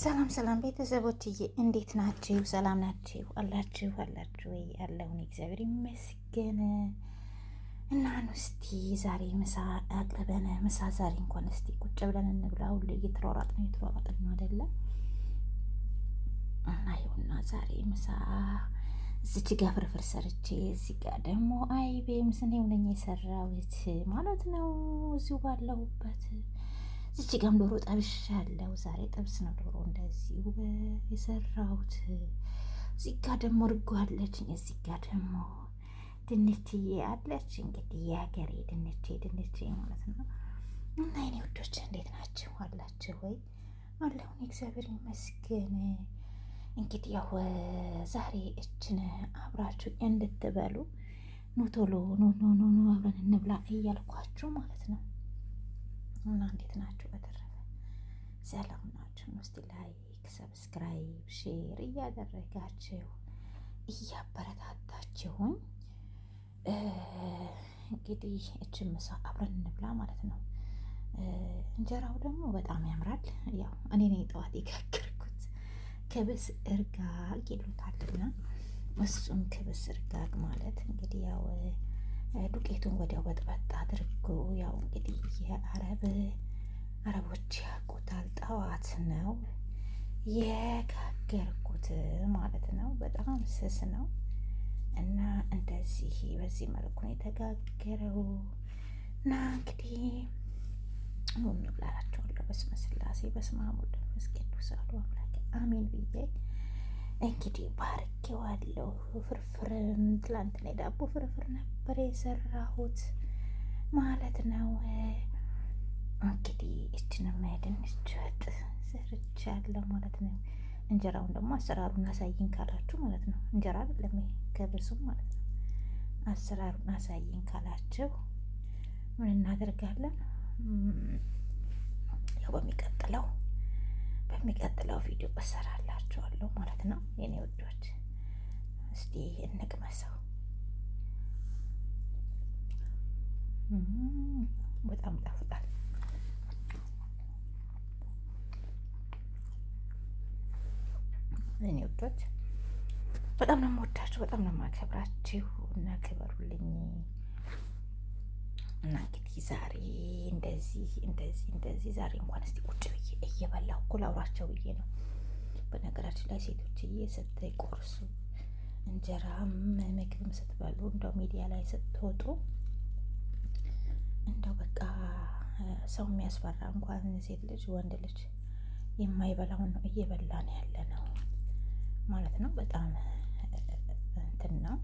ሰላም ሰላም ቤተሰቦችዬ እንዴት ናችሁ? ሰላም ናችሁ? አላችሁ አላችሁ ወይ? ያለውን እግዚአብሔር ይመስገን። እና እስቲ ዛሬ ምሳ አቅርበን ምሳ ዛሬ እንኳን እስቲ ቁጭ ብለን እንብላ። ሁሉ እየተሯሯጥ ነው እየተሯሯጥ ነው አይደለ? እና ይሁና ዛሬ ምሳ እዚች ጋ ፍርፍር ሰርቼ እዚህ ጋ ደግሞ አይቤ ምስን የሆነኛ የሰራሁት ማለት ነው እዚሁ ባለሁበት እዚህ ጋም ዶሮ ጠብሽ ያለው ዛሬ ጥብስ ነው ዶሮ እንደዚሁ የሰራሁት። እዚህ ጋ ደግሞ እርጎ አለችኝ። እዚህ ጋ ደግሞ ድንችዬ አለች። እንግዲህ የሀገሬ ድንቼ ድንቼ ማለት ነው። እና የኔ ውዶች እንዴት ናቸው አላቸው ወይ? አለሁን እግዚአብሔር ይመስገን። እንግዲህ ያው ዛሬ እችን አብራችሁ እንድትበሉ ኑ ቶሎ ኑ ኑ ኑ አብረን እንብላ እያልኳችሁ ማለት ነው። እና እንዴት ናችሁ? በተረፈ ሰላም ናችሁ? ውስጥ ላይክ፣ ሰብስክራይብ፣ ሼር እያደረጋችሁ እያበረታታችሁኝ እንግዲህ እች ምሳ አብረን እንብላ ማለት ነው። እንጀራው ደግሞ በጣም ያምራል። ያው እኔ ነኝ ጠዋት የጋገርኩት ክብስ እርጋግ ይሉታልና እሱን ክብስ እርጋግ ማለት እንግዲህ ያው ዱቄቱን ወዲያው በጥበጥ አድርጎ ያው እንግዲህ የአረብ አረቦች ያውቁታል። ጠዋት ነው የጋገርኩት ማለት ነው። በጣም ስስ ነው እና እንደዚህ በዚህ መልኩ ነው የተጋገረው እና እንግዲህ ሙሉ ብላላቸዋለሁ። በስመ ስላሴ በስመ አብ ወወልድ ወመንፈስ ቅዱስ አሐዱ አምላክ አሜን ብዬ እንግዲህ ባርኬዋለሁ። ፍርፍር ትላንትና የዳቦ ፍርፍር ነበር። ነበር የሰራሁት ማለት ነው። እንግዲህ እችንም ያድንች ወጥ ሰርቻለሁ ማለት ነው። እንጀራውን ደግሞ አሰራሩን አሳይን ካላችሁ ማለት ነው። እንጀራ አይደለም ገብሱም ማለት ነው። አሰራሩን አሳይን ካላችሁ ምን እናደርጋለን? ያው በሚቀጥለው በሚቀጥለው ቪዲዮ እሰራላችኋለሁ ማለት ነው። የኔ ውዶች እስቲ እንቅመሰው። በጣም ጣፍጣል። እኔ ወዶች በጣም ነው የምወዳችሁ፣ በጣም ነው የማከብራችሁ እና ክበሩልኝ እና እንግዲህ ዛሬ እንደዚህ እንደዚህ እንደዚህ ዛሬ እንኳን እስቲ ቁጭ ብዬ እየበላሁ እኮ ላውራቸው ብዬ ነው። በነገራችን ላይ ሴቶችዬ ስትቆርሱ እንጀራም ምግብም ስትበሉ እንደው ሚዲያ ላይ ስትወጡ ሰው የሚያስፈራ እንኳን ሴት ልጅ ወንድ ልጅ የማይበላውን ነው እየበላን ያለ ነው ማለት ነው። በጣም እንትን ነው።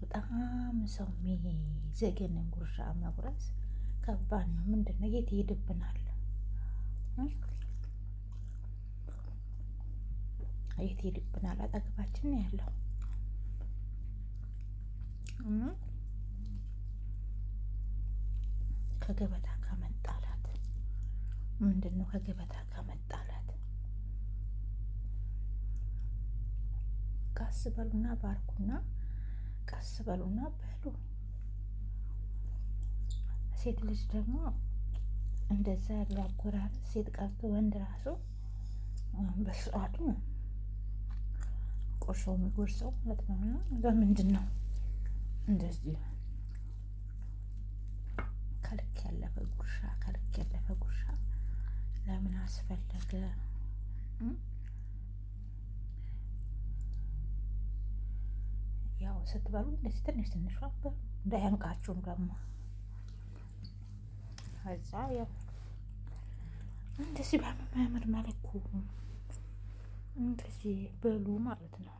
በጣም ሰው የሚዘገንን ጉርሻ መጉረስ ከባድ ነው። ምንድን ነው የት ይሄድብናል? የት ይሄድብናል? አጠገባችን ያለው ከገበታ ምንድን ነው ከገበታ ጋር መጣላት ቀስ በሉና ባርኩና ቀስ በሉና በሉ። ሴት ልጅ ደግሞ እንደዛ ያለው አጎራር ሴት ቀርቶ ወንድ ራሱ በስርዓቱ ቆሾ የሚጎርሰው ማለት ነው። እና በምንድን ነው እንደዚህ ከልክ ያለፈ ጉርሻ ከልክ ያለፈ ጉርሻ ለምን አስፈለገ? ያው ስትበሉ እንደዚህ ትንሽ ትንሽ ነበር እንዳያንቃችሁም ደግሞ ከዛ ያው እንደዚህ በሚያምር መልኩ እንደዚህ በሉ ማለት ነው።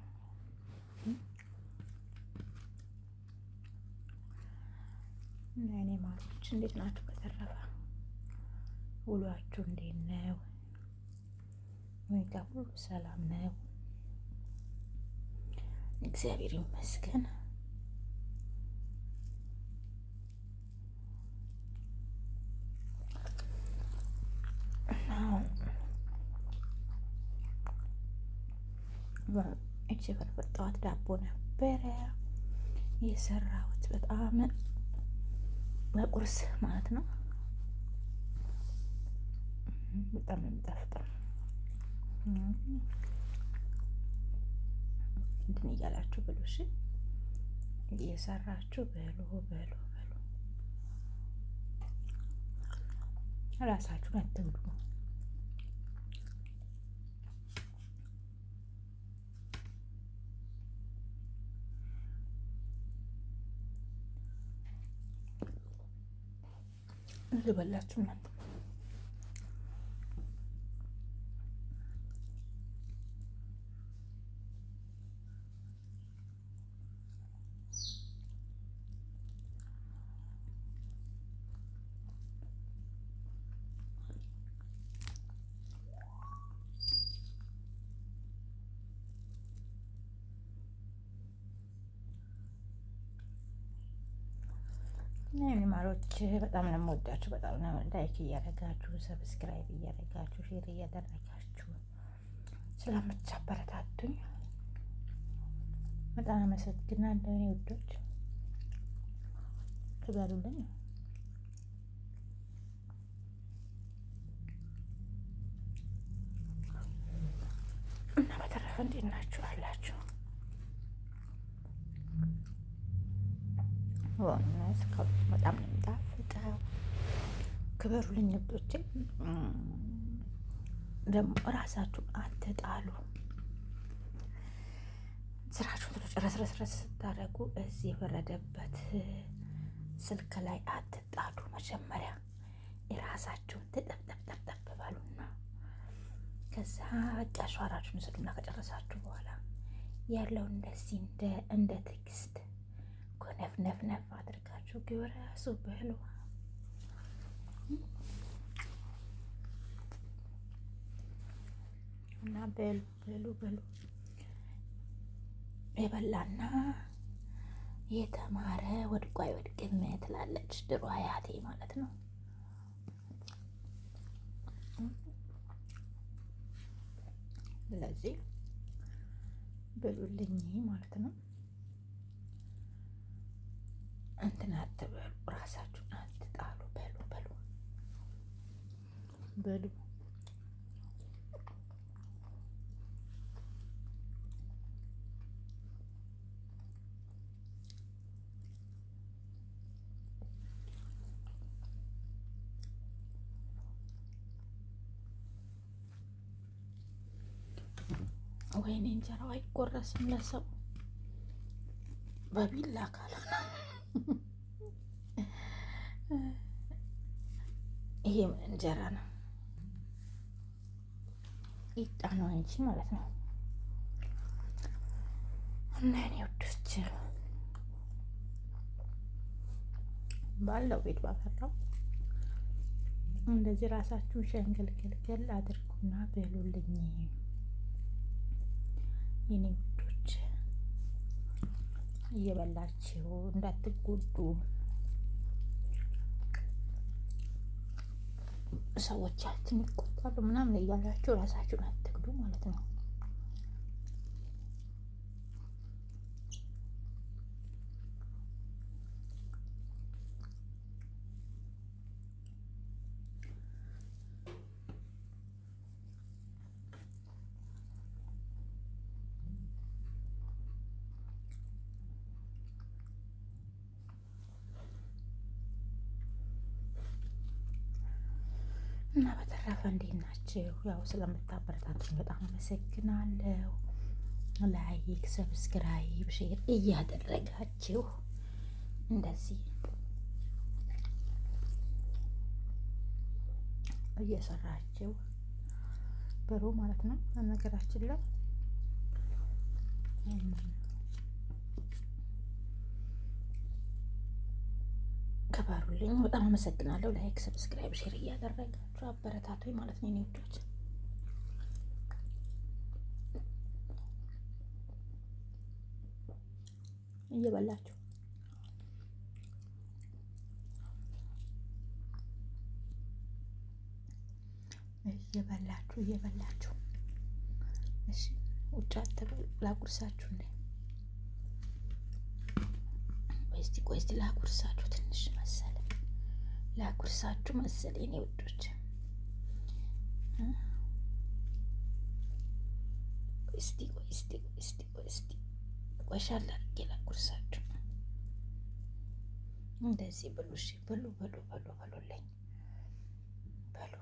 እኔ ማሮች እንዴት ናችሁ? በተረፈ ውሏችሁ እንዴት ነው? ሁኔታ ሁሉ ሰላም ነው? እግዚአብሔር ይመስገን። እጅ ፍርፍር ዳቦ ዳቦ ነበረ የሰራሁት በጣም ለቁርስ ማለት ነው። በጣም ነው የሚጣፍጠው። እንትን እያላችሁ ብሉ እሺ፣ እየሰራችሁ በሉ በሉ በሉ። ራሳችሁን አትብሉ። እየበላችሁ ነው የሚማሮች በጣም ነው የምወዳችሁ። በጣም ነው ላይክ እያደረጋችሁ ሰብስክራይብ እያደረጋችሁ ሼር እያደረጋችሁ ስለምታበረታቱኝ በጣም አመሰግናለሁ። እኔ ውዶች ትበሉልኝ ክበሩልኝ እህቶቼ። ደግሞ እራሳችሁን አትጣሉ። ስራችሁን ረስረስረስ ስታደርጉ እዚህ የበረደበት ስልክ ላይ አትጣሉ። መጀመሪያ የራሳችሁን ትጠብጠብጠብጠብ በሉና ከዛ በቃ ሸራችሁን ስዱና ከጨረሳችሁ በኋላ ያለው እንደዚህ እንደ እንደ ትግስት ኮነፍነፍነፍ አድርጋችሁ ግብረ ያሱ በህልዋ እና በሉ በሉ በሉ የበላና የተማረ ወድቆ አይወድቅም ትላለች ድሮ አያቴ ማለት ነው። ስለዚህ በሉልኝ ማለት ነው። እንትን አትበሉ ራሳችሁ በሉ። ወይኔ እንጀራው አይቆረስም ለሰው በቢላ ካልሆነ ይሄ እንጀራ ነው። ቂጣ ነው እንጂ ማለት ነው። እና እኔ ውዶች ባለው ቤት ባፈራው እንደዚህ ራሳችሁን ሸንገልገልገል አድርጉና በሉልኝ የኔ ውዶች፣ እየበላችሁ እንዳትጎዱ። ሰዎች ያችን ምናምን እያላችሁ ራሳችሁን አትግዱ ማለት ነው። እና በተረፈ እንዴት ናችሁ? ያው ስለምታበረታቱኝ በጣም አመሰግናለሁ። ላይክ፣ ሰብስክራይብ፣ ሼር እያደረጋችሁ እንደዚህ እየሰራችሁ ብሩ ማለት ነው ነገራችን ላይ ክበሩልኝ። በጣም አመሰግናለሁ። ላይክ፣ ሰብስክራይብ፣ ሼር እያደረጋችሁ አበረታቱ ማለት ነው ውዶች። እየበላችሁ እየበላችሁ እየበላችሁ እሺ። ውጭ አትበሉ። ላጉርሳችሁ እንደ ቆይ እስቲ ቆይ እስቲ ላጉርሳችሁ ትንሽ መሰለ ላጉርሳችሁ መሰለ የኔ ውዶች እስቲ ቆይ እስቲ ቆይ እስቲ ቆይ እስቲ አድርጌ እንደዚህ በሉ እሺ፣ ብሉ ብሉ ብሉ በሉልኝ በሉ